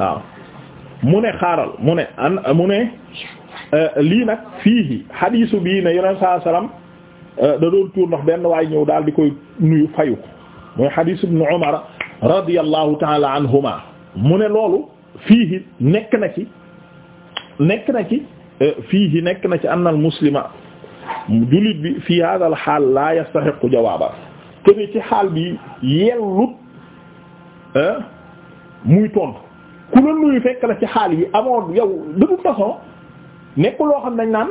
waaw mu ne xaaral mu ne an mu ne euh, lii nag fii xadiisu bii ne yonent saa salaam euh, da doon tuur ndax benn waay ñëw daal di koy nuyu fayu mooy xadiisu ibnu Umar radiyallahu taala anhuma mu ne loolu fii nekk na ci nekk na ci euh, fii nekk na ci anna al muslima jullit bi fii hada al xaal la yastaxiqu jawaaba te ci xaal bi yellut muy tontu. ku la nuyu fekk la ci xaal yi amoon yow de toute façon nekk loo xam dañ naan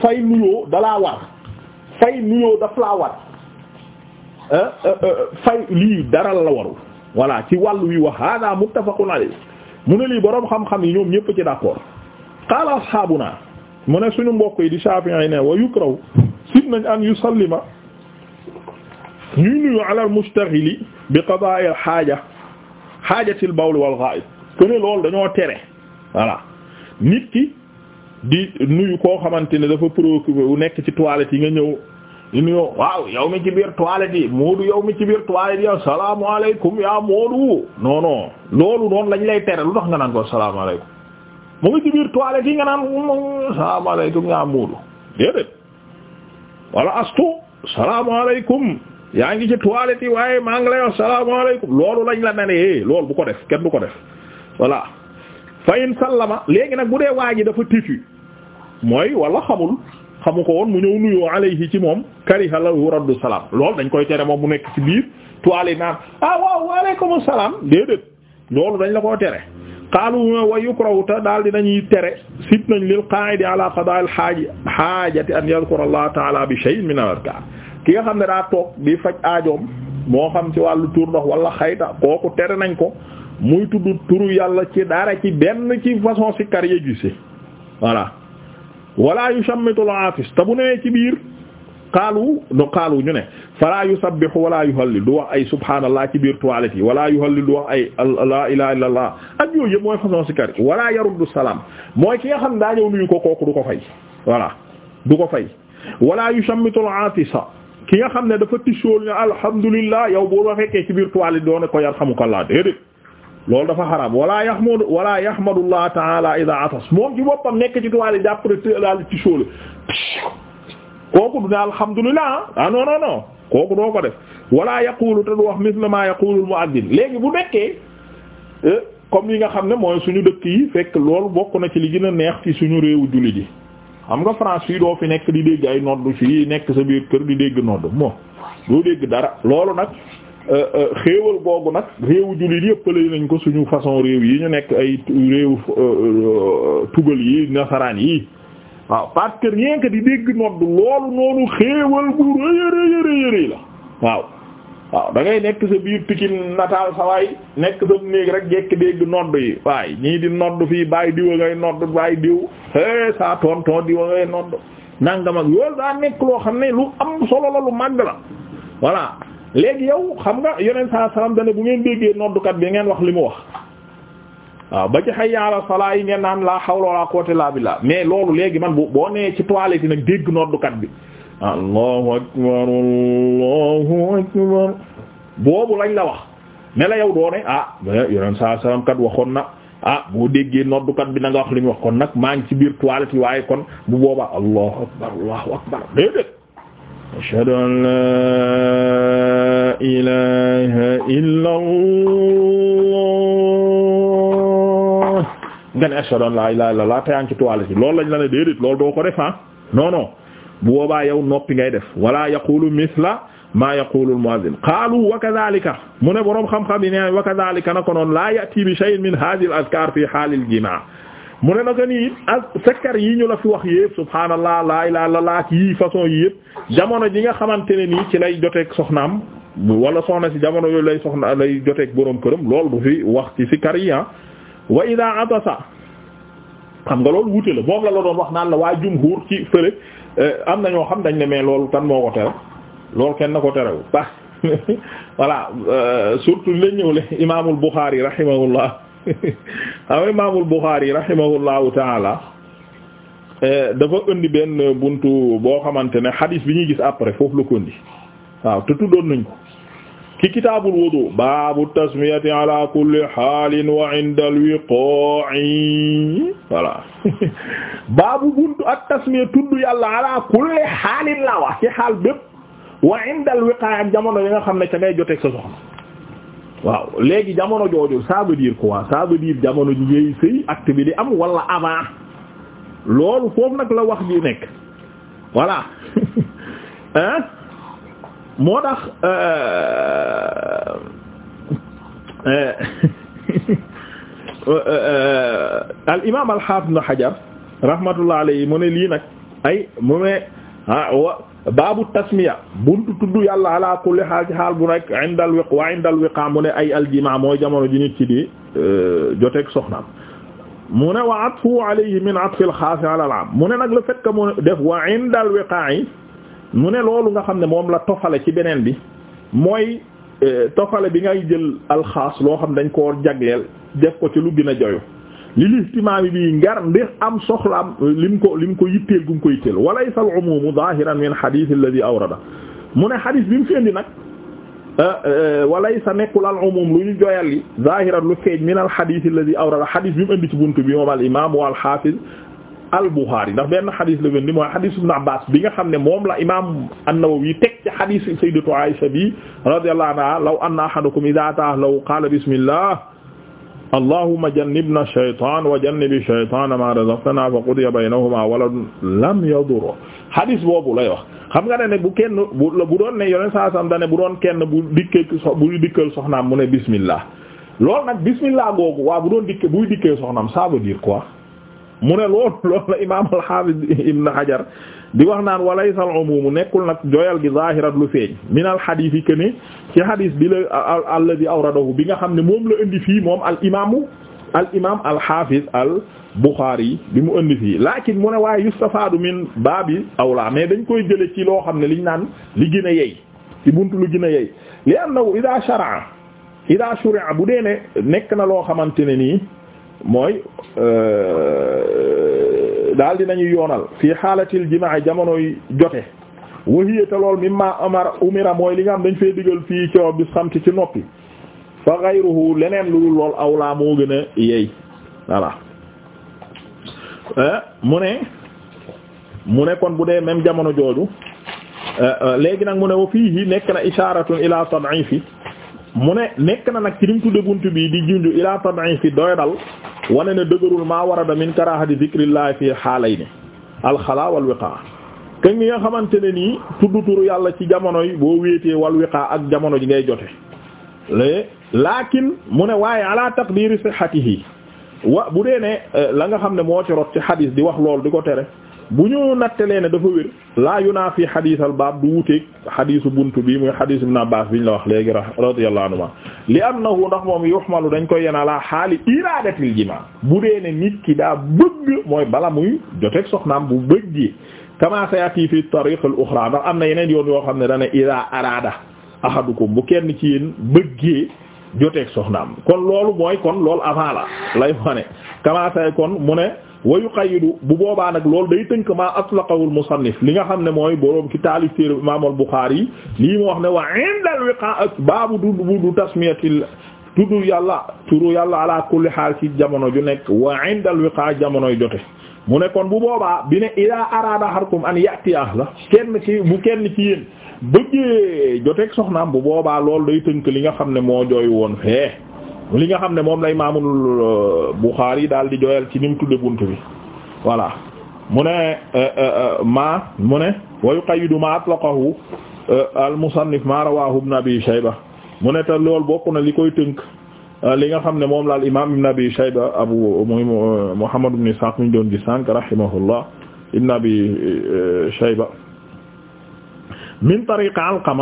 fay nuyoo dalaa war fay nuyoo daf laa war ah, ah, ah, fay lii dara la warul voilà ci wàll wi wa hada muttafaqun alayhi mu ne lii boroom xam-xam yi ñoom ñëpp ci d'accord qaala ashaabuna mu ne suñu mbokk yi di Shafi'i ne wa yukraw sit nañ an yusallima ñuy nuyu ala al bi qada'i al haaja haajatil bawl wal ghaa'it këne lool dañoo tere voilà nit di nuyu koo xamante ne dafa préoccupé nekk ci toilette yi nga ñëw di nuyoo waaw yow mi ci biir toilette yi Moodu yow mi ci biir toilette yi asalaamaaleykum yaa Moodu non non loolu noonu lañ lay tere lu nga naan ko asalaamaaleykum mu ngi ci nga naan asalaamaaleykum yaa Moodu déedéet wala astu salaamaaleykum yaa ngi ci toilette waaye maa ngi lay wax salaamaaleykum loolu lañ la nane eh, loolu bu ko def kenn du ko def. voilà fa in sallama léegi nag bu dee waa ji dafa tëfi mooy wala xamul xamu ko woon mu ñëw nuyoo ci moom kariha lahu raddu salaam loolu dañ koy tere moom mu nekk ci biir toile naan ah waaw waaleykum salaam déedéet loolu dañ la koy tere qaalu wa yukrahu ta daal di nañuy tere sib nañ lil qaa'idi ala qadaa al xaaji xaajati an yadhkura allah taala bi shay'in min al ki nga xam ne daa toog di faj aajoom moo xam ci wàllu tuur ndox wala xayta kooku tere nañ ko muy tudd turu yàlla ci dara ci benn ci façon si kar ya gise voilà wala yusammitul aafis te bu newee ci biir xaalu no xaalu ñu ne fala yusabbihu wala yuhallil du wax ay subhaanallah ci biir toilette yi wala yuhallil du wax ay la ilaha illa allah ak yooyu yëpp mooy façon si kar yi wala yaruddu salaam mooy ki nga xam ne daa ñëw nuyu ko kooku du ko fay voilà du ko fay wala yusammitul aatisa ki nga xam ne dafa tisóol ne alhamdulillah yow boo ba fekkee ci biir toilette doone ko yarhamukallah déedéet loolu dafa xaraam wala yahmadu wala yahmadullah taala ida atas moom ci boppam nekk ci tuwaale jàppare tëlaal ci sóole kooku du ne alhamdulillah ah, ah non non kooku doo ko def wala yaqulu te du wax misla ma yaqulu mu muaddin léegi bu nekkee eh, comme li nga xam ne mooy suñu dëkk yi fekk lool bokk na ci li gën a neex ci suñu réewu jullit yi xam nga France fii doo fi nekk di dégg ay nodd fii nekk sa biir kër di dégg nodd moo doo dégg dara loolu nag Euh, euh, xéewal googu nag réewu jullit yëppale nañ ko suñu façon réew yi ñu nekk ay réew euh, tugal yi nasaraan yi waaw parce que di dégg nodd loolu noonu xéewal bu rëy rëy rëy la waaw waaw da nekk sa biir pikin nataal sa nekk sa néeg rek jekk dégg nodd yi waay ñii di nodd fii bàyyi diwa ngay nodd bàyyi diw é saa tonton diwa ngay nodd nangam ak yoolu daa nekk loo xam ne lu am solo la lu màgg la voilà léegi yow xam nga yeneen saa salaam dana bu ngeen déggee noddukat bi ngeen wax li mu wax waaw ba ci hayya ala salaa yi ngeen naan laa hawla wala quwwata illa billah mais loolu léegi man bu boo nee ci toilette yi nag dégg noddukat bi allahu akbar allahu akbar boobu lañ la wax ne la yow doone ah yeneen saa salaam kat waxoon na ah boo déggee noddukat bi na nga wax li mu wax kon nag maa ngi ci biir toilette yi waaye kon bu boobaa allahu akbar allahu akbar déedéet ashhadu an la ilaha illa allah nga ne ashhadu an la ilaha illa allah te yaa ngi ci toilette loolu lañ la ne déedéet loolu doo ko def ah non non bu boobaa yow noppi ngay def wala yaqulu mithla maa yaqulu al-mu'adhdhin qaalu wa kadhalika mu ne boroom xam-xam yi ne wa kadhalika na ko noon laa ya'ti bi shay'in min hadhihi al-azkar fi haal al-jima' mu ne naka nii ak sakkar yi ñu la fi wax yëpp subhaanallah laa ilaaha illallaah yii façon yi yëpp jamono ji nga xamante ne nii ci lay joteeg soxnaam wala soxna si jamono yooyu lay soxna lay joteeg boroom këram lool bu fi wax ci si kariya ah. wa ida atasa xam nga loolu wute la moom la la doon wax naan la waa jumhur ci fële eh, am na ñoo xam dañ ne mais loolu kan moo ko tere loolu kenn na ko terewu ba voilà euh, surtout lañ ñëw le imaamul Bukhari rahimahullah aw imaamul Bukhari rahimahullahu taala eh, dafa indi benn bunt boo xamante ne hadith bi ñuy gis après foofu la ko indi waaw te tuddoon nañ ko ki kitaabul wudu baabu tasmiyati ala tudd yàlla ala kulli xaalin la wax ci xaal wa inda alwiqaa'i ak jamono yi nga xam ne ca ngay joteeg sa soxna waaw léegi jamono jooju ça veut dire quoi jamono ji ngay sëy bi di am wala avant loolu foofu nag la wax ji nekk voilà hein moo tax euh, euh, euh, al imaam al haafid ibn Hajar rahmatullah alayhi mu ne lii nag ay mu ne wa baabu tasmiya buntu tudd yàlla ala kulli xaal ci xaal bu nekk inda al wiq wa inda al wiqa mu ne ay aljimaa mooy jamono ji nit ci di joteeg soxnaam mu ne wa atfu alayhi min atfi al xaas ala al aam mu ne nag le fait que mu def wa inda al wiqa yi mu ne loolu nga xam ne moom la tofale ci beneen bi mooy euh, tofale bi ngay jël alxaas loo xam dañ koo jagleel def ko ci lu gën a joyu li lihtimaami bi ngar mbir am soxlaam lim ko lim ko yitteel gum ko yitteel walaysa al umumu zahiran min hadith alladhi awrada mu ne hadith bi mu fendi nag euh, euh, walaysa nekkul al umum lu ñu joyal li zahiran lu feeñ min al hadith alladhi awrada hadith bi indi ci buntu bi moom al imam al Bukhari ndax benn xadis la gën mooy xadis Ibn Abbas bi nga xam ne moom la imaam an-Nawawi teg ci xadis sayyidatu Aisha bi radiyallahu anha law anna ahadakum idha ata'a law qala bismillah allahumma jannibna shaytaan wa jannibi shaytaan ma razaqtana fa qudiya baynahuma waladun lam yadur xadis boobu lay wax xam nga ne bu kenn bu doon ne yoneen saa sam dane bu doon kenn bu dikkee bu dikkal soxnaam mu ne bismillah loolu nag bismillah googu waa bu doon dikkee buy dikkee soxnaam ça veut dire quoi mu ne loolu loolu la imaam al-Hafiz Ibn Hajar bi wax naan walaysa al mu nekkul nag joyal gi zahirat lu feeñ min al-hadith yi que ne ci hadith bi la alladhi awradahu bi nga xam ne moom la indi fii moom al imaamu al al-Hafiz al Bukhari bi mu indi fii lakin mu ne waaye yustafaadu min baabi awla mais dañ koy jële ci loo xam ne liñ naan li gën a yey ci buntu lu gën a yey li annahu ida shara'a ida shuri'a bu dee ne nekk na loo xamante ne nii. mooy euh, daal dinañu yoonal fii xaalatil jimaa jamonoy jote wahiyata lool mimma amar umira mooy li nga xam dañ fay digal fii coow bi samti ci noppi fa ghayruhu leneen lu dul lool awlaa moo gën a yeey voilà euh, mu ne mu ne kon bu dee même jamono jooju euh, léegi nag mu ne wa fiihi nekk na isharatun ila tad'ifi mu ne nekk na nag ci lim tudde bunt bii di junju ila tad'ifi doy dal wane ne dëgërul maa warada min karahati zikrillah fi xaalayni alxalaa wal wiqaa ke ngi nga xamante ne nii tudd turu yàlla ci jamono yi boo wéetee wal wiqaa ak jamono ji ngay jote lé laakin mu ne waaye ala taqdiri sihhatihi wa bu dee ne eh, la nga xam ne moo ci rot ci xadis di wax loolu di ko tere bu ñu nattalee ne dafa wér laa yunaafi xadiis al baab du wuteeg xadiisu bunt bi muy xadiis ibn Abbaas bi ñu la wax léegi radiyallahu anhuma li annahu ndax moom yuxmalu dañ koy yenal laa xaali iraadatil jimaa bu dee ne nit ki daa bëgg mooy bala muy joteeg soxnaam bu bëggee kama sayati fi tariq al uxra ndax am na yeneen yoon yoo xam ne dana idaa araada ko bu kenn ci yéen bëggee joteeg soxnaam kon loolu mooy kon loolu avant la lay wane kon mu ne wa yuqayidu bu boobaa nag loolu day tënk maa atlaqahu al musannif li nga xam ne mooy boroom ci taalif téere imaam al Buxaari yi lii mu wax ne wa inda al wiqaa baabu du du tasmiyatil tudd yàlla turu yàlla ala kulli xaal ci jamono ju nekk wa inda al wiqaa jamonoy jote mu ne bu boobaa bi ne ida araada harkum an yati ahla kenn ci bu kenn ci yéen bëggee joteeg soxnaam bu boobaa loolu day tënk li nga xam ne moo jooy woon fee li nga xam ne moom lay maamul euh, Bukhari daal di joyal ci ni mu tudde bunt bi voilà mu ne euh, euh, ma mu ne wa ma atlaqahu al musannif ma rawahu ibn abi shayba mu ne te loolu bokk na li koy tënk li nga xam ne moom la al imam ibn abi shayba abu muy muhammad ibn di sànk rahimahullah ibn abi shayba min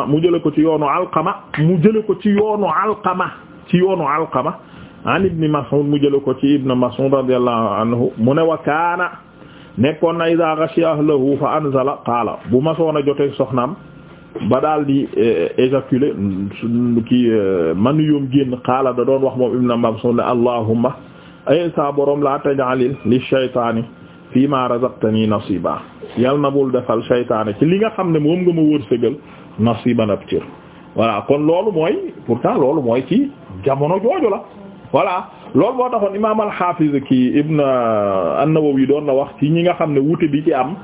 mu jële ko ci yoonu alqama mu jële ko ci yoonu alqama ci yoonu alqama an ibni mas'ud mu jël ko ci ibn mas'ud radiyallahu anhu mu ne wa kaana nekkoon na iza ghashiya ahlahu fa anzala qaala bu masoon a jotee soxnaam ba daal di eh, éjaculer mm, ki eh, manu yoom génn qaala da doon wax moom ibn mas'ud ne allahumma ay sa borom la tajalil li shaytaani fii ma razaqtani nasiba yal na bul defal shaytaani ci li nga xam ne moom nga ma wërsëgal nasiban ab cër voilà kon loolu mooy pour temps loolu mooy ci jamono jooju la voilà lool moo taxoon imaam al-Hafiz ki Ibn an-Nawawi doon na wax ci ñi nga xam ne wuute bi ci am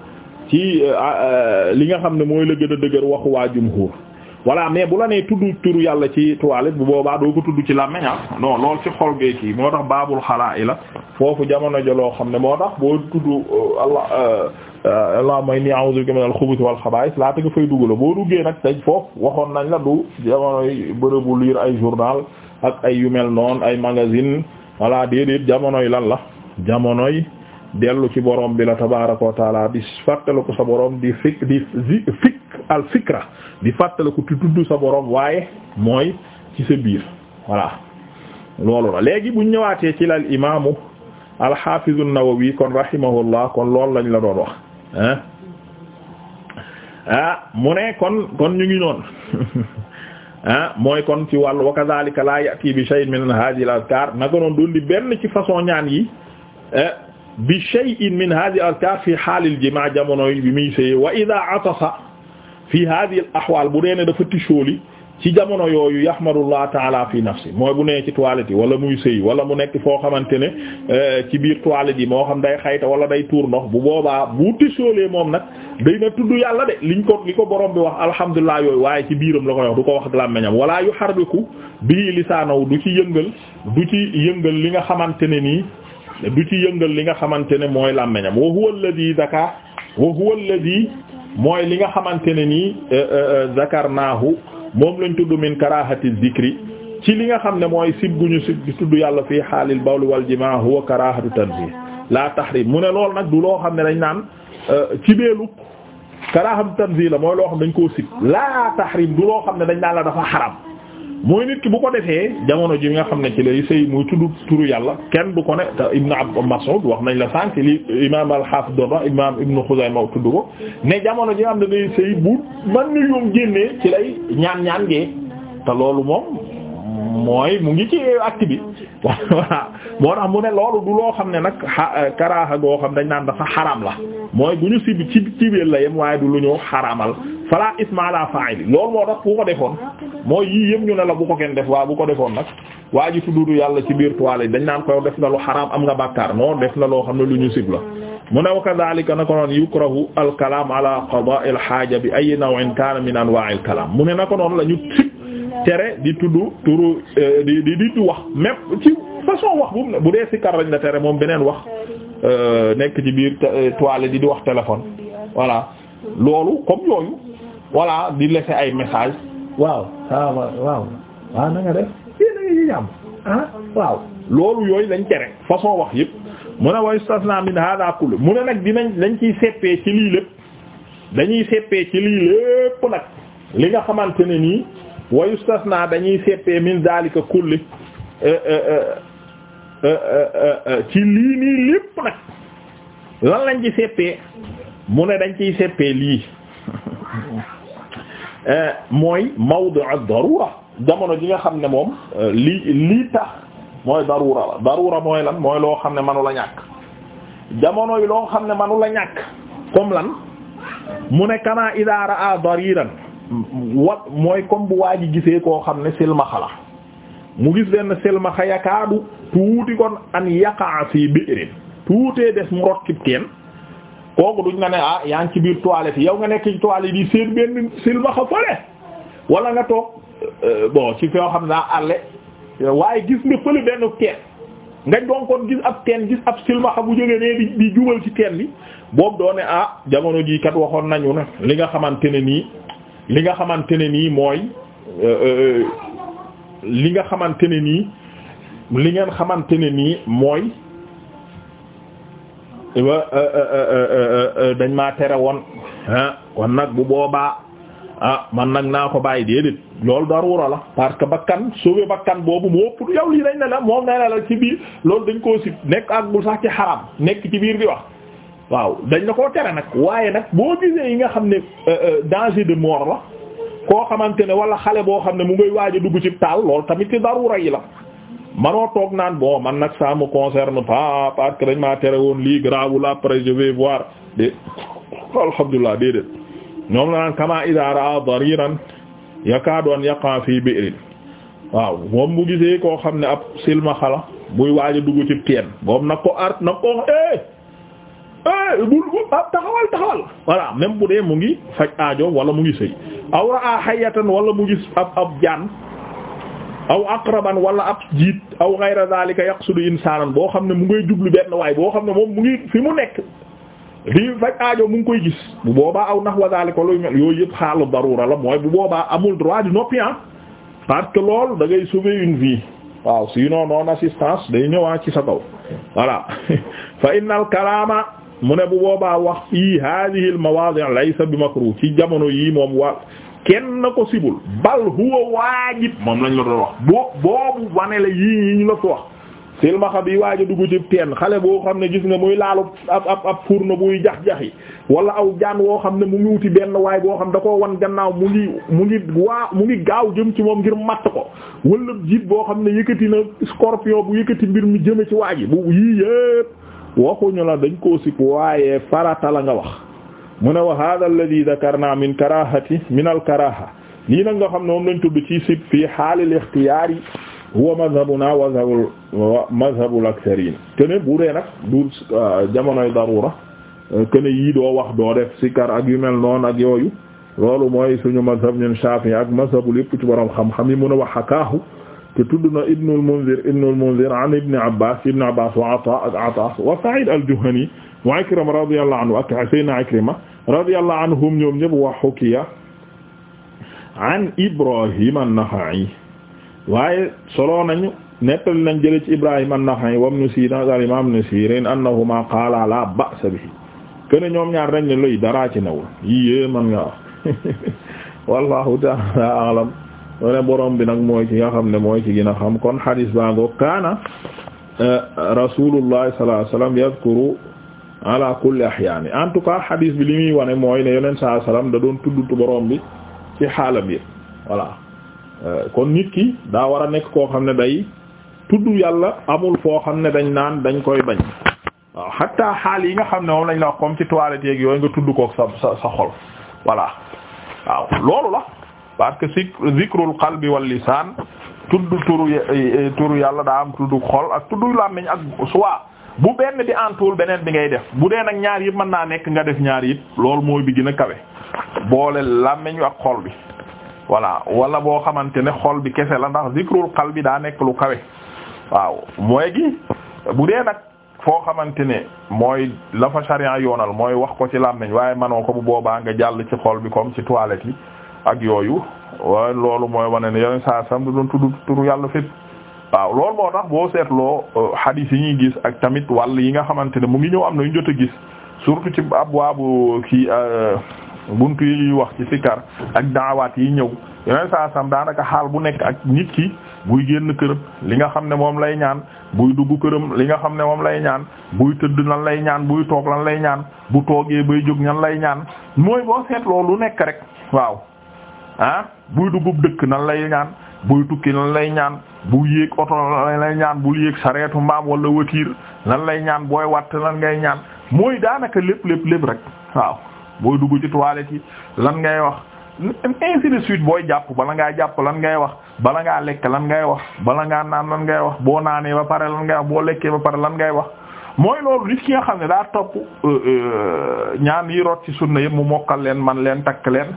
ci euh, euh, li nga xam ne mooy la gën a dëgër waxu waa jumhur voilà mais bu la nee tudd turu yàlla ci toilette bu boobaa doo ko tudd ci làmmiñ non lool ci xol gee kii moo tax baabul xalaa ila foofu jamono ja loo xam ne moo tax boo tudd euh, Allah allahumma inni a'udhu bika min al-khubuth wal khaba'ith laata nga fay dugg la boo duggee nag dañ foofu waxoon nañ la du jamonoy bërëbu liir ay journal ak ay yu noon ay magazine voilà déedéet jamonoy lan la jamonoy dellu ci borom bi la tabaaraka wa taala di fàttaliku sa borom di fik di fik al fikra di fàttaliku ti dudd sa borom waaye mooy ci sa biir voilà loolu la léegi bu ñëwaatee ci la al imaamu al-Hafiz an-Nawawi kon rahimahullah kon loolu lañu la doon wax. ah ah mu ne kon kon ñu ngi noonu ah mooy kon ci wàllu wa kadhalika la yati bi shay'in min hadhihi al-azkar naka noonu dul di benn ci façon ñaan yi eh, bi shay'in min hadhihi al-azkar fi haal al-jima' jamono bi muy sëy wa idha atasa fi hadhihi al-ahwal bu dee ne dafa tisóoli ci jamono yooyu yahmadullah taala fi nafsi mooy bu nee ci toilette yi wala muy sëy wala mu nekk foo xamante ne euh, ci biir toilette yi moo xam day xayta wala day tuur ndox bu boobaa bu tisoolee moom nag day na tudd yàlla de liñ ko li ko borom bi wax alhamdulilah yooyu waaye ci biiram la koy wax du ko wax ak làmmiñam wala yuharriku bii lisaanaw du ci yëngal du ci yëngal li nga xamante ne nii du ci yëngal li nga xamante ne mooy làmmiñam wa huwa alladhi zaka wa mooy li nga xamante ne nii euh, euh, zakarnaahu moom lañ tudd min karahati zikri ci li nga xam ne mooy sib guñu sib di tudd yàlla fii xaalil bawl wal jimaa huwa karahatu laa la mu ne lool nag du loo xam ne dañ naan euh, ci beelu karahatu tanzih la mooy loo xam dañ ko sib la tahrim du loo xam ne dañ naan la dafa xaram mooy nit ki bu ko defee jamono ji nga xam ne ci lay sëy muy tudd turu yàlla kenn du ko ne te Ibn Abd Mas'ud wax nañ la sànq li imaam al-Hafiz doon wax imaam Ibn Khuzayma tudd ko ne jamono ji nga xam ne day sëy bu man ni yoom génnee ci lay ñaan ñaan gee te loolu moom mooy mu ngi ci acte bi voilà moo tax mu ne loolu du loo xam ne nag euh, karaaxa goo xam dañ naan dafa xaraam la mooy bu ñu sibi ci cibéel la yem waaye du lu ñu xaraamal fala isma ala fa'ili loolu moo tax bu ko defoon mooy yii yëpp ñu ne la bu ko kenn def waa bu ko defoon nag waa ji tuddu yàlla ci biir toile dañ naan koy def nga lu xaraam am nga bàkkaar non def na loo xam ne lu ñu sib la mu ne wa kadhalika na ko noon yukrahu al kalam ala qada'i al haaja bi ay naw'in kana min anwa'il kalam tere di tudd turu euh, di di di wax même ci façon wax bu bu dee sikar lañ la tere moom beneen wax euh, nekk ci biir euh, toile di di wax téléphone voilà loolu comme yooyu voilà di laisser ay message waaw waaw waaw ah, na nga def yéen a ngi ah waaw loolu yooyu lañ tere façon wax yëpp mu ne wa istasna min hada kullu mu ne nag dinañ dañ ciy seppee ci lii lépp dañuy seppee ci lii lépp nag li nga xamante ne nii wayu yustasna dañuy seppee min zalika kulli e, e, e, ci lii nii lépp nag lan lañ ci seppee mu ne dañ ciy seppee lii mooy mawdu'a darura jamono ji nga xam ne moom lii lii tax mooy darura la darura mooy lan mooy loo xam ne manu la ñàkk jamono loo xam ne manu la ñàkk comme lan mu ne kana ida ra'a dariran wa mooy comme bu waa ji gisee koo xam ne silmaxa la mu gis benn silmaxa yakaadu tuuti kon an yaqaa fii biirin tuutee des mu rot cib teen kooku duñ nga ne ah yaa ngi ci biir toilette yow nga nekk ci toilette yi seen benn silmaxa fële wala nga toog euh, bon ci foo xam naa àlle waaye gis nga fële benn teen nga doon kon gis ab teen gis ab silmaxa bu jógee nee di di jubal ci teen bi boobu doone ah jamono jii kat waxoon nañu ne li nga xamante ne nii li nga xamante ne nii mooy euh, euh, euh, li nga xamante ne nii li ngeen xamante ne nii mooy dañ maa tere woon ah kon nag bu boobaa ah man nag naa ko bàyyi déedéet loolu darura la parce que bakkan sauver bakkan boobu moo pour yow lii dañ ne la moom nee na la ci biir loolu dañ koo si nekk ak bu sax ci xaram nekk ci biir bi wax waaw dañ la ko tere nag waaye nag boo gisee yi nga xam ne euh, euh, danger de mort la koo xamante ne wala xale boo xam ne mu ngay waaj a dugg ci taal loolu tamit ci darura yi la manoo toog naan bon man nag ça me concerne pas parce dañ maa tere woon lii grawul après je vais voir dé alhamdulilah déedéet ñoom la naan kama ida raa dariran yakaadu an yaqa fii bi'rin waaw moom bu gisee koo xam ne ab silma xala buy waaj a dugg teen boobu nag ko art nag ko eh Eh, bul ab taxawal taxawal voilà même bu dee mu ngi faj aajo wala mu ngi sëy aw raa hayatan wala mu gis ab ab jaan aw aqraban wala ab jiit aw ghayra zalika yaqsudu insanan boo xam ne mu ngay jublu benn waay boo xam ne moom mu ngi fi mu nekk li faj aajo mu ngi koy gis bu boobaa aw nahwa zalika luy mel yooyu yëpp xaalu darura la mooy bu boobaa amul droit di noppi ah. parce que loolu da ngay sauver une vie waaw sinon non assistance day ñëwaat ci sa kaw voilà fa innal mu ne bu boobaa wax fii hadihi al mawaadi' laysa bi makruh ci jamono yii moom wa kenn ko sibul bal huwa waajib moom lañ la doon wax boo boobu wane la yii yi ñu la ko wax silmaxa bi waaja dugg ci teen xale boo xam ne gis nga muy laalu ab ab ab fourneau buy jax-jaxi wala aw jaan woo xam ne mu ngi wuti benn waay boo xam da koo wan gannaaw mu ngi mu ngi waa mu ngi gaaw jëm ci moom ngir matt ko wala jiit boo xam ne yëkkati na scorpion bu yëkkati mbir mi jëme ci waaji bu yii waxuñu la dañ koo sib waaye farata la nga wax mu ne wa hada alladhi dhakarna min karahati min al karaha lii nag nga xam ne moom lañ tudd ci sib fii xaalil ixtiyaar yi huwa madhabuna wa madhabul aktharin kene bu dee nag du euh, jamonoy darura euh, kene yii doo wax doo def sikar ak yu mel noonu ak yooyu loolu mooy suñu mazhab ñun Shafi'i ak mazhabu lépp ci borom xam-xam yi mun a wax akaahu te tudd na Ibn al-Munzir Ibn al-Munzir an Ibn Abbas Ibn Abbas wa Ata ak Ata wa Sa'id al-Juhani wa Ikrima radiyallahu anhu ak Sayyidina Ikrima radiyallahu anhum ñoom ñëpp wa hukiya an Ibrahim an-Nakha'i waaye solo nañu nettali nañ jële ci Ibrahim an-Nakha'i wa Ibn Sirin ak Imam Ibn Sirin annahuma qaala la ba'sa bihi kene ñoom ñaar dañ ne luy daraa ci nawul yii man nga wallahu ta'ala a'lam wala borom bi nag mooy ci nga xam ne mooy ci gën a xam kon hadis baa ngoo kaana eh, rasulullah sallallahu alayhi wasallam yadhkuru ala kulli ahyaani en tout cas hadis bi li muy wane mooy ne yonent sallallahu alayhi wasallam da doon tudd borom bi ci xaalam yi voilà eh, kon nit ki daa war a nekk koo xam ne day tudd yàlla amul foo xam ne dañ naan dañ koy bañ waaw hatta xaal yi nga xam ne moom lañ la wax comme ci toilette yooyu nga tudd ko sa sa sa xol voilà waaw loolu la. parce que zikrul bi wal lisaan tudd turu eh, eh, turu yàlla daa am tudd xol ak tudd làmmiñ ak suwa bu benn bi antuwul beneen bi ngay def bu dee nag ñaar yëpp mën naa nekk nga def ñaar yëpp lool mooy bi gën a kawe boole làmmiñ ak xol bi voilà wala boo xamante ne xol bi kese la ndax zikrul bi daa nekk lu kawe waaw mooy gi bu dee nag foo xamante ne mooy la fa sharia yoonal mooy wax ko ci làmmiñ waaye manoo ko bu boobaa nga jàll ci xol bi comme ci toilette yi ak yooyu waaye loolu mooy wane ne yeneen saa sam du doon tudd turu yàlla fit waaw lool moo tax boo seetloo hadith euh, yi ñuy gis ak tamit wàll yi nga xamante ne mu ngi ñëw am na ñu jot a gis surtout ci ab waabu kii euh, buntu yi ñuy wax ci sikar ak daawaat yi ñëw yeneen saa sam daanaka xaal bu nekk ak nit ki buy génn këram li nga xam ne moom lay ñaan buy dugg këram li nga xam ne moom lay ñaan buy tëdd lan lay ñaan buy toog lan lay ñaan bu toogee bay jóg ñan lay ñaan mooy lu nekk rek waaw. ah buy dugub dëkk nan lay ñaan buy tukki nan lay ñaan bu yéeg oto lan lay ñaan bul yéeg sareetu mbaam wala watiir lan lay ñaan booy watt lan ngay ñaan mooy daanaka lépp lépp lépp rek waaw booy dugg ci toilette yi lan ngay wax ainsi de suite booy jàpp bala ngaa jàpp lan ngay wax bala ngaa lekk lan ngay wax bala ngaa naan lan ngay wax boo naanee ba pare lan ngay wax boo lekkee ba pare lan ngay wax mooy loolu nit ki nga xam ne daa topp euh, euh, ñaan yi rot ci sunna yëpp mu mokkal leen man leen takk leen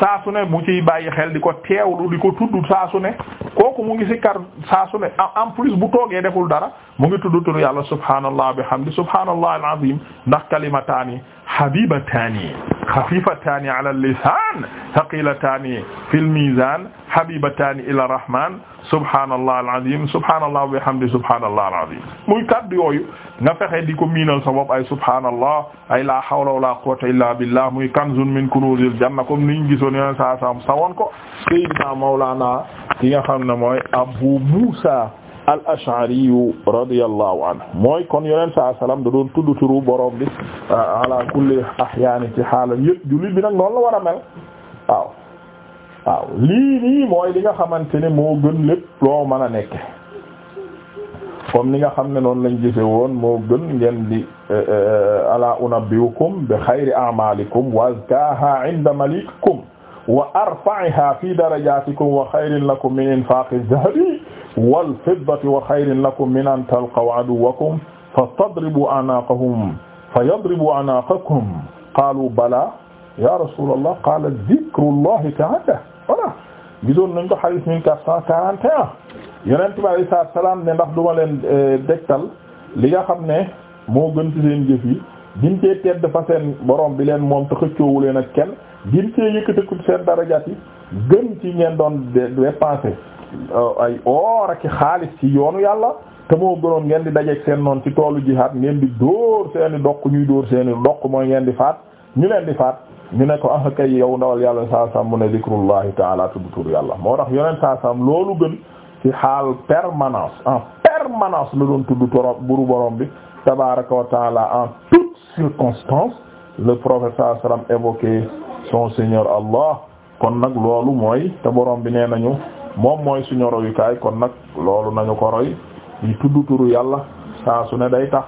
saa su ne mu ciy bàyyi xel di ko teewlu di ko tudd saa su ne kooku mu ngi sikkar saa su ne en plus bu toogee deful dara mu ngi tudd turu yàlla subhaanallah bihamdi subhaanallah alazim ndax kalimataani habibataani xafifataani ala lisaan thaqilataani fil miizaan habibataani ila rahmaan subhanallah alazim subhanallah wa bihamdi subhanallah alazim muy kaddu yooyu nga fexe di ko miinal sa bopp ay subhanallah ay la hawla wala quwwata illa billah muy kanzun min kunuzil janna comme niñ gisoon yoneen saa sam sawoon ko sayyidina mawlana ki nga xam ne mooy abu musa al ash'ari radiyallahu anhu mooy kon yoneen saa salam da doon tudd turu borom bi ah, ala kulli ahyaani ci xaalam yëpp jullit bi nag noonu la war a mel waaw waaw lii nii mooy li nga xamante ne moo gën lépp loo mën a nekk comme ni nga xam ne noonu lañ gise woon moo gën ngeen di euh, euh, ala unabbiukum bi xayri a'malikum wa azkaha 'inda malikikum wa arfa'iha fi darajatikum wa xayrin lakum min infaqi adh-dhahabi wal fiddati wa xayrin lakum min an talqaw aduwwakum fatadribu a'naqahum fayadribu a'naqakum qaalu bala ya rasulullah qala dhikrullahi ta'ala voilà gisoon nañ ko xadis mille quatre cent quarante et un yonent bi alayhi salaam ne ndax du ma leen euh, degtal li nga xam ne moo gën ci seen jëf yi gin cee tedd fa seen borom bi leen moom te xëccoowu leen ak kenn gin cee yëkkatiku seen darajaat yi gën ci ngeen doon dépenser euh, ay or ak xaalis ci yoonu yàlla te moo gënoon ngeen di dajeek seen noon ci toolu jihaad ngeen di dóor seeni doq ñuy dóor seeni doq mooy ngeen di faat ñu leen di faat ñu ne ko ah yow ndawal yàlla saa saam mu ne zikrullahi taala tudd tur yàlla moo tax yeneen saa saam loolu gën ci xaal permanence en permanence la doon tudd toro buru borom bi tabaraka wa taala en toutes circonstances le prophète saa sallam évoquait son seigneur Allah kon nag loolu mooy te borom bi nee nañu moom mooy suñu royukaay kon nag loolu nañu ko roy di turu yàlla saa su ne day tax.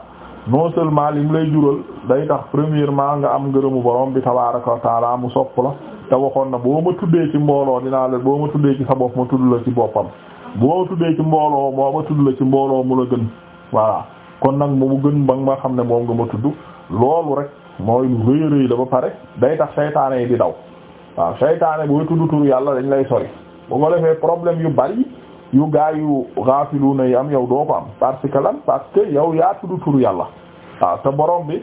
non seulement lim lay jural day tax premièrement nga am ngërëmu borom bi tabaaraka wa taala mu sopp la te waxoon na boo ma tuddee ci mbooloo dinaa la boo ma tuddee ci sa bopp ma tudd la ci boppam boo tuddee ci mbooloo moo ma tudd la ci mbooloo mu la gën voilà kon nag mu gën ba ma xam ne moom nga ma tudd loolu rek mooy lu rëy rëy la ba pare day tax seytaane yi di daw waaw seytaane booy tudd tur yàlla dañ lay sori bu ko defee problème yu bari yu gaa yu gaafiluuna yi am yow doo ko am parce que lan parce que yow yaa tudd turu yàlla waaw te borom bi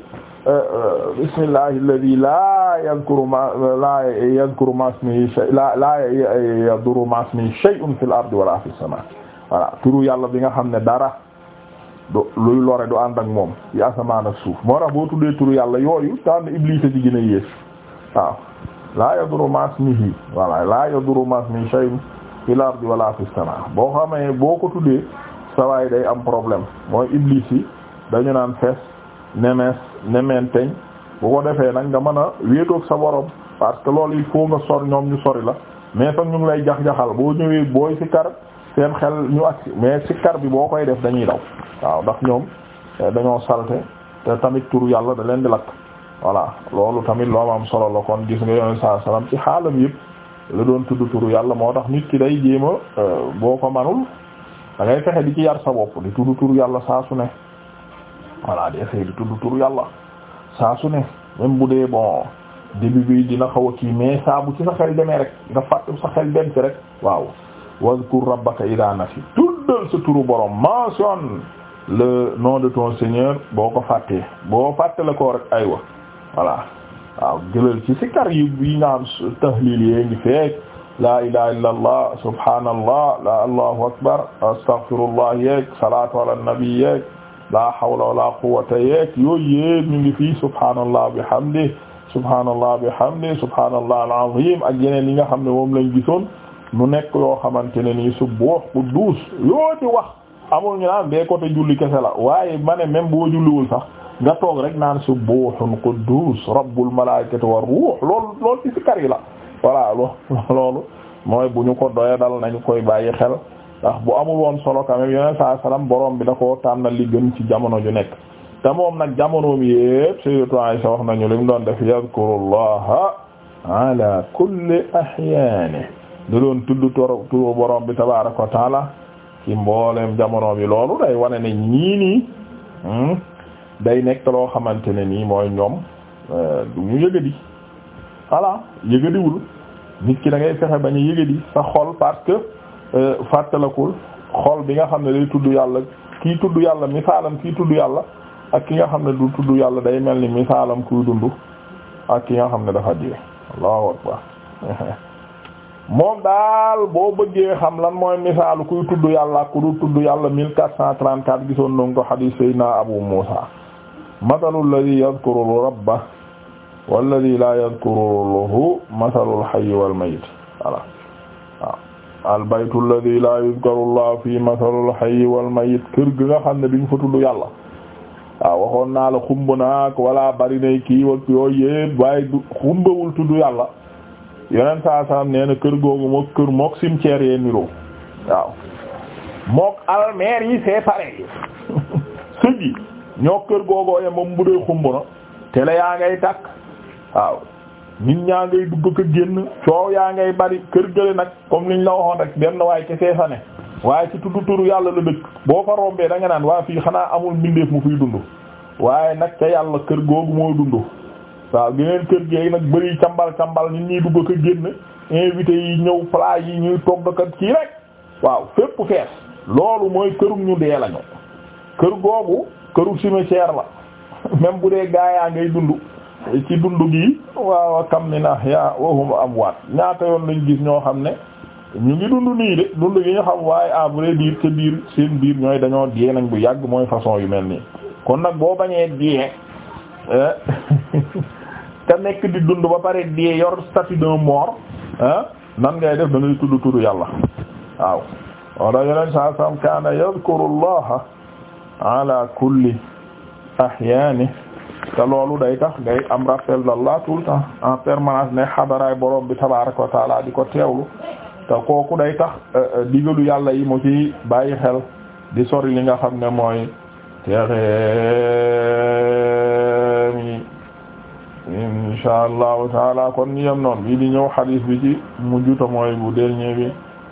euh, euh, bismillahi alladhi la yadhkuru ma la yadhkuru ma ardi wala fis samaa turu yàlla bi nga xam ne dara du luy lore du ànd ak ya ci suuf moo tax boo tuddee turu yàlla yooyu tànn Iblis a ci gën a yées waaw la yadhkuru ma ismihi voilà la fil bi wala fis samaa boo amee boo ko tuddee sawaay day am problème mooy iblis yi dañu naan fees nemes nementeñ bu ko defee nag nga mën a wéetoog sa borom parce que loolu yi faut nga sor ñoom ñu sori la mais sax ñu ngi lay jax-jaxal boo ñëwee booy sikkar seen xel ñu ak mais ci sikkar bi boo koy def dañuy daw waaw ndax ñoom eh, dañoo salte te tamit turu yàlla da leen di lakk voilà loolu tamit loo am solo la kon gis nga yoneen saa salaam ci xaalam yëpp la doon tudd turu yàlla moo tax nit ki day jéema euh, boo ko manul da ngay fexe di ci yar sa bopp di tudd turu yàlla saa su ne voilà di essayer di tudd turu yàlla saa su ne même bu dee bon début bi dina xaw a kii mais saabu bu ci sa xel demee rek nga fàtt sa xel dem ci rek waaw wazkur rabbaka ida nasi tuddal sa turu borom mentionne le nom de ton seigneur boo ko fàttee boo fàtte la koo rek aywa voilà waaw jëlal ci sikar yi yi nga am tahlil yee ngi feek la ilaha illa allah subhanallah la allahu akbar astaghfirullah yeeg salatu ala nabi yeeg la hawla wala quwwata yeeg yooyu yëpp ñu ngi fii subhanallah bihamdi subhanallah bihamdi subhanallah alazim ak yeneen yi nga xam ne moom lañ gisoon mu nekk yoo xamante ne nii subbuh quddus yoo di wax amul ñu naan bee côté julli kese la waaye ma ne même boo julliwul sax nga toog rek naan subuhun quddus rabbul malaikati war ruux loolu loolu ci si kar la voilà loolu mooy bu ñu ko doya dal nañu koy bàyyi xel ndax bu amul woon solo quand même yoneen salaam borom bi da ko tànnal li gën ci jamono ju nekk te moom nag jamonoom yépp sayyidatu Aisha wax nañu li mu doon def yadkurullaha ala kulli ahyaani da doon tudd toro turu borom bi tabaaraka wa taala ci mbooleem jamono bi loolu day wane ne ñii nii hmm, day nekk loo xamante ne nii mooy ñoom euh, du mu yëgadi voilà yëgadiwul nit ki da ngay fexe bañ a yëgadi sa xol parce que euh, fàttalakul xol bi nga xam ne day tudd yàlla kii tudd yàlla misaalam kii tudd yàlla ak ki nga xam ne du tudd yàlla day mel ni misaalam kuy dund ak ki nga xam ne dafa dee moom daal boo bëggee xam lan mooy misaalu kuy tudd yàlla ak ku du tudd yàlla 1434 gisoon nañ ko hadith naa Abu Muusa masalul ladi yadkuru rabba walladi la yadkuruhu masalul hayyi wal mayit voilà waaw al baytu alladi la yadkurullah fi masalul hayyi wal mayit kër gi nga xam ne duñ fa tudd yàlla waaw waxoon naa la xumb naag wala bari nay kii wak yooyu yëpp waaye du xumbawul tudd yàlla yeneen saa saam nee na kër googu mook kër mook cimetière yee niroo waaw mook almeer yi c'est pareil ñoo kër googoo yem moom bu dee xumb na yaa ngay tàkk waaw nit ñaa ngay dugg ko génn coow yaa ngay bari kër gële nag comme liñ la waxoon rek benn waaye kese fa waaye ci tuddu turu yàlla la dëkk boo fa rombee da naan waa fii xanaa amul mbindeef mu fiy dund waaye nag ca yàlla kër googu moo dund waaw geneen kër gi nag bëri cambal cambal nit ñi dugg ko génn invité yi ñëw plat yi ñuy togg ko kii rek waaw fépp fees loolu mooy kërum ñu dee këru cimetière la même bu dee gaayaa ngay dund ci dund gi waaw kam min ahya wa hum ñaata yoon lañ gis ñoo xam ne ñu ngi dund nii de dund gi ñu xam waaye à vrai dire biir seen biir ñooy dañoo dee nañ bu yàgg mooy façon yu mel nii kon nag boo bañee dee eh, te nekk di dund ba pare dee yor statut d'un mort eh, nan ngay def da ngay tudd yàlla waaw wala yeneen saa sam kaana ala kulli ahyaani te loolu day tax ngay am rappel d'Allah tout le temps en ne xabaraay borom bi tabaaraka wa di ko teewlu te kooku day euh, euh, digalu yàlla yi mu ci bàyyi xel di sori li nga xam ne mooy texe mi insha allahu taala kon ñu yem noonu bii di ñëw xadiis bi mu mujjuta mooy bu dernier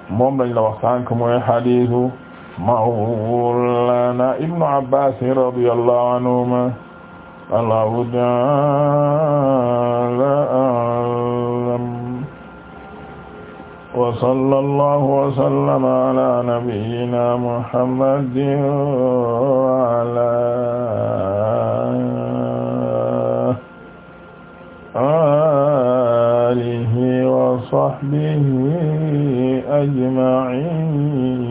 moom lañ la wax sànq mooy xadiisu mawlana ibnu abbas radiyallahu anhuma allahu ta'ala a'lam wa sallallahu wa sallama ala nabiyyina muhammadin wa ala alihi wa sahbihi ajma'in